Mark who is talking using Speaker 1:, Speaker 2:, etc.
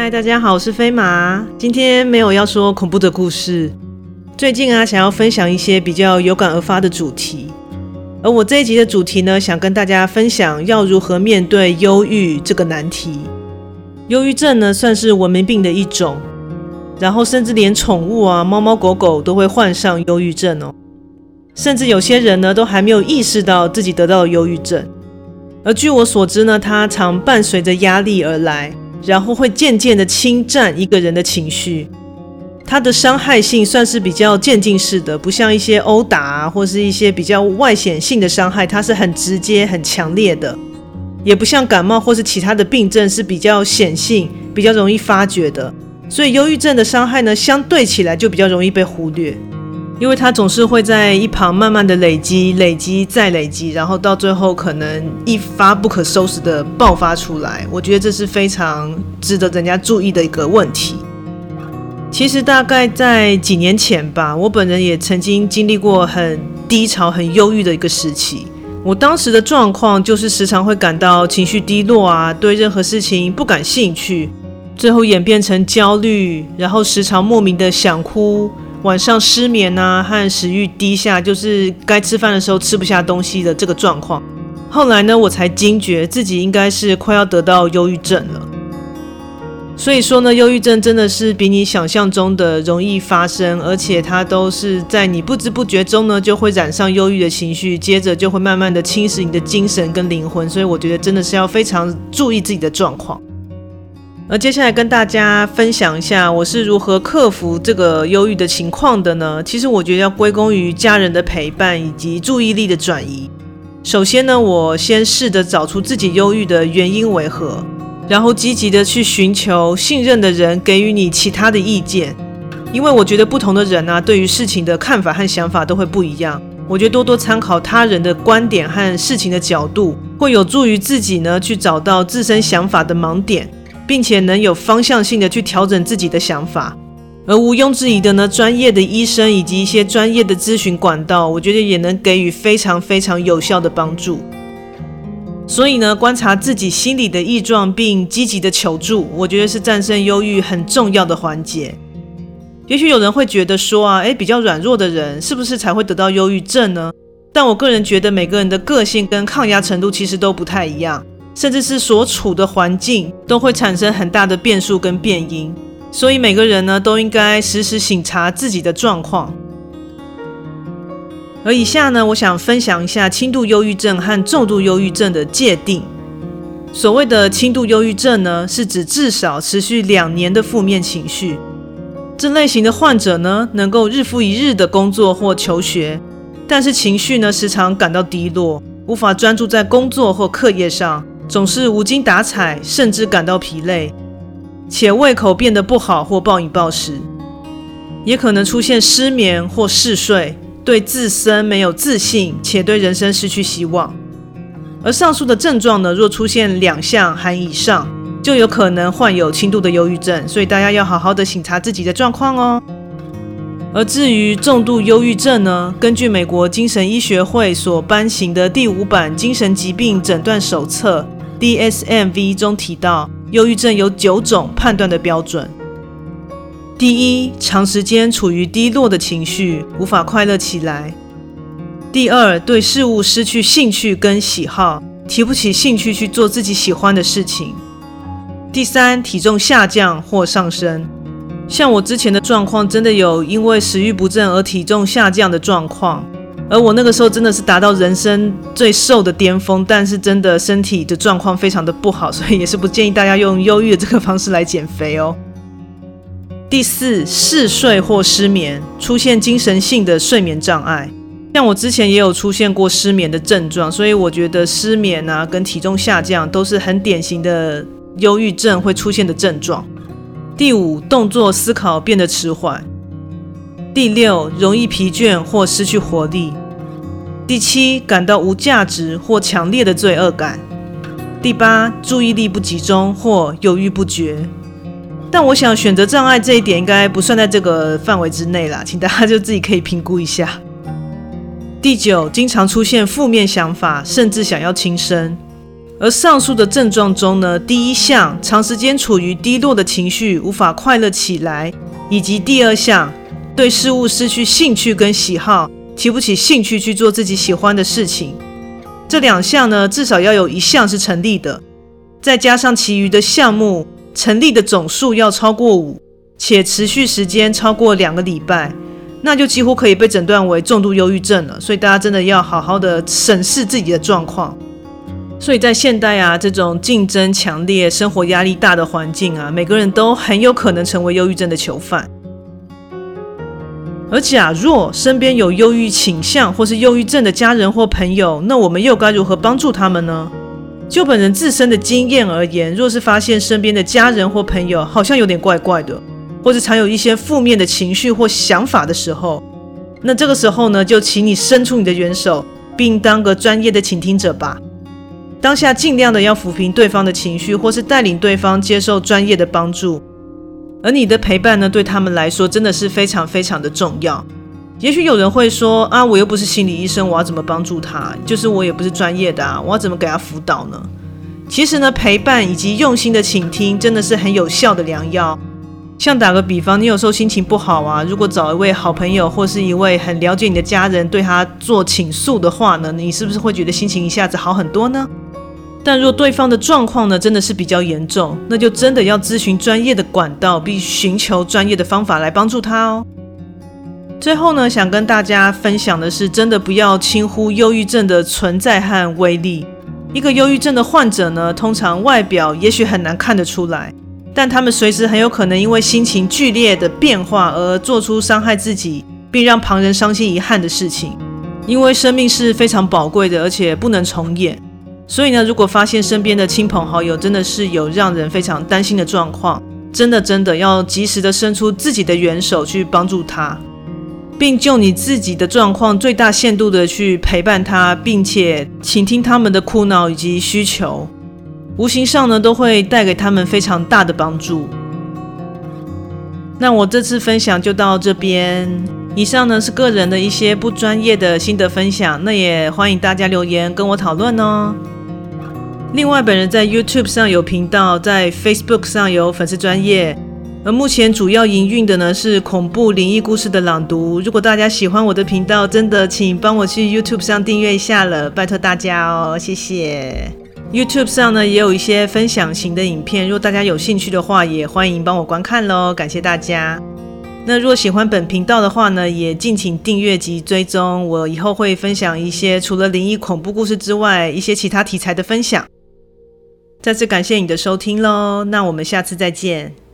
Speaker 1: 嗨，Hi, 大家好，我是飛馬。今天沒有要說恐怖的故事。最近啊，想要分享一些比較有感而發的主題。而我這一集的主題呢，想跟大家分享要如何面對憂鬱這個難題。憂鬱症呢，算是文明病的一種。然後，甚至連寵物啊，貓貓狗狗都會患上憂鬱症哦。甚至有些人呢，都還沒有意識到自己得到憂鬱症。而據我所知呢，它常伴隨着壓力而來。然後會漸漸地侵占一個人的情緒，它的傷害性算是比較漸進式的，不像一些毆打啊，或是一些比較外顯性的傷害，它是很直接、很強烈的，也不像感冒或是其他的病症是比較顯性、比較容易發覺的，所以憂鬱症的傷害呢，相對起來就比較容易被忽略。因為他總是會在一旁慢慢的累積、累積再累積，然後到最後可能一發不可收拾的爆發出來。我覺得這是非常值得人家注意的一個問題。其實大概在幾年前吧，我本人也曾經經歷過很低潮、很憂鬱的一個時期。我當時的狀況就是時常會感到情緒低落啊，對任何事情不感興趣，最後演變成焦慮，然後時常莫名的想哭。晚上失眠啊，和食慾低下，就是該吃飯的時候吃不下東西的這個狀況。後來呢，我才驚覺自己應該是快要得到憂鬱症了。所以說呢，憂鬱症真的是比你想象中的容易發生，而且它都是在你不知不覺中呢，就會染上憂鬱的情緒，接着就會慢慢的侵蝕你的精神跟靈魂。所以我覺得真的是要非常注意自己的狀況。而接下來跟大家分享一下，我是如何克服這個憂鬱的情況的呢？其實我覺得要歸功於家人的陪伴以及注意力的轉移。首先呢，我先試着找出自己憂鬱的原因為何，然後積極的去尋求信任的人給予你其他的意見，因為我覺得不同的人啊，對於事情的看法和想法都會不一樣。我覺得多多參考他人的觀點和事情的角度，會有助於自己呢去找到自身想法的盲點。並且能有方向性的去調整自己的想法，而毋庸置疑的呢，專業的醫生以及一些專業的諮詢管道，我覺得也能給予非常非常有效的幫助。所以呢，觀察自己心理的異狀並積極的求助，我覺得是戰勝憂鬱很重要的環節。也許有人會覺得說啊，誒，比較軟弱的人是不是才會得到憂鬱症呢？但我個人覺得每個人的個性跟抗壓程度其實都不太一樣。甚至是所處的環境都會產生很大的變數跟變因，所以每個人呢都應該時時省察自己的狀況。而以下呢，我想分享一下輕度憂鬱症和重度憂鬱症的界定。所謂的輕度憂鬱症呢，是指至少持續兩年的負面情緒。這類型的患者呢，能夠日復一日的工作或求學，但是情緒呢時常感到低落，無法專注在工作或課業上。總是無精打采，甚至感到疲累，且胃口變得不好或暴飲暴食，也可能出現失眠或嗜睡，對自身沒有自信，且對人生失去希望。而上述的症狀呢，若出現兩項含以上，就有可能患有輕度的憂鬱症。所以大家要好好的省察自己的狀況哦。而至於重度憂鬱症呢，根據美國精神醫學會所頒行的第五版精神疾病診斷手冊。DSM-V 中提到，憂鬱症有九種判斷的標準。第一，長時間處於低落的情緒，無法快樂起來；第二，對事物失去興趣跟喜好，提不起興趣去做自己喜歡的事情；第三，體重下降或上升。像我之前的狀況，真的有因為食慾不振而體重下降的狀況。而我那個時候真的是達到人生最瘦的巔峰，但是真的身體的狀況非常的不好，所以也是不建議大家用憂鬱的這個方式來減肥哦。第四，嗜睡或失眠，出現精神性的睡眠障礙，像我之前也有出現過失眠的症狀，所以我覺得失眠啊跟體重下降都是很典型的憂鬱症會出現的症狀。第五，動作思考變得遲緩。第六，容易疲倦或失去活力；第七，感到無價值或強烈的罪惡感；第八，注意力不集中或猶豫不決。但我想選擇障礙這一點應該不算在這個範圍之內啦，請大家就自己可以評估一下。第九，經常出現負面想法，甚至想要輕生。而上述的症狀中呢，第一項長時間處於低落的情緒，無法快樂起來，以及第二項。對事物失去興趣跟喜好，提不起興趣去做自己喜歡的事情，這兩項呢至少要有一項是成立的，再加上其餘的項目成立的總數要超過五，且持續時間超過兩個禮拜，那就幾乎可以被診斷為重度憂鬱症了。所以大家真的要好好的審視自己的狀況。所以在現代啊這種競爭強烈、生活壓力大的環境啊，每個人都很有可能成為憂鬱症的囚犯。而假若身邊有憂鬱傾向或是憂鬱症的家人或朋友，那我們又該如何幫助他們呢？就本人自身的經驗而言，若是發現身邊的家人或朋友好像有點怪怪的，或是常有一些負面的情緒或想法的時候，那這個時候呢，就請你伸出你的援手，並當個專業的傾聽者吧。當下儘量的要撫平對方的情緒，或是帶領對方接受專業的幫助。而你的陪伴呢，對他們來說真的是非常非常的重要。也許有人會說啊，我又不是心理醫生，我要怎麼幫助他？就是我也不是專業的啊，我要怎麼給他輔導呢？其實呢，陪伴以及用心的傾聽，真的是很有效的良藥。像打個比方，你有時候心情不好啊，如果找一位好朋友或是一位很了解你的家人對他做傾訴的話呢，你是不是會覺得心情一下子好很多呢？但若對方的狀況呢，真的是比較嚴重，那就真的要諮詢專業的管道，並尋求專業的方法來幫助他哦。最後呢，想跟大家分享的是，真的不要輕忽憂鬱症的存在和威力。一個憂鬱症的患者呢，通常外表也許很難看得出來，但他們隨時很有可能因為心情劇烈的變化而做出傷害自己，並讓旁人傷心遺憾的事情。因為生命是非常寶貴的，而且不能重演。所以呢，如果發現身邊的親朋好友真的是有讓人非常擔心的狀況，真的真的要及時的伸出自己的援手去幫助他，並就你自己的狀況最大限度的去陪伴他，並且傾聽他們的苦惱以及需求，無形上呢都會帶給他們非常大的幫助。那我這次分享就到這邊，以上呢是個人的一些不專業的心得分享，那也歡迎大家留言跟我討論哦。另外，本人在 YouTube 上有頻道，在 Facebook 上有粉絲專頁，而目前主要營運的呢是恐怖靈異故事的朗讀。如果大家喜歡我的頻道，真的請幫我去 YouTube 上訂閱一下了，拜託大家哦，謝謝。YouTube 上呢也有一些分享型的影片，若大家有興趣的話，也歡迎幫我觀看咯，感謝大家。那如果喜歡本頻道的話呢，也敬請訂閱及追蹤，我以後會分享一些除了靈異恐怖故事之外，一些其他題材的分享。再次感謝你的收聽嘍，那我們下次再見。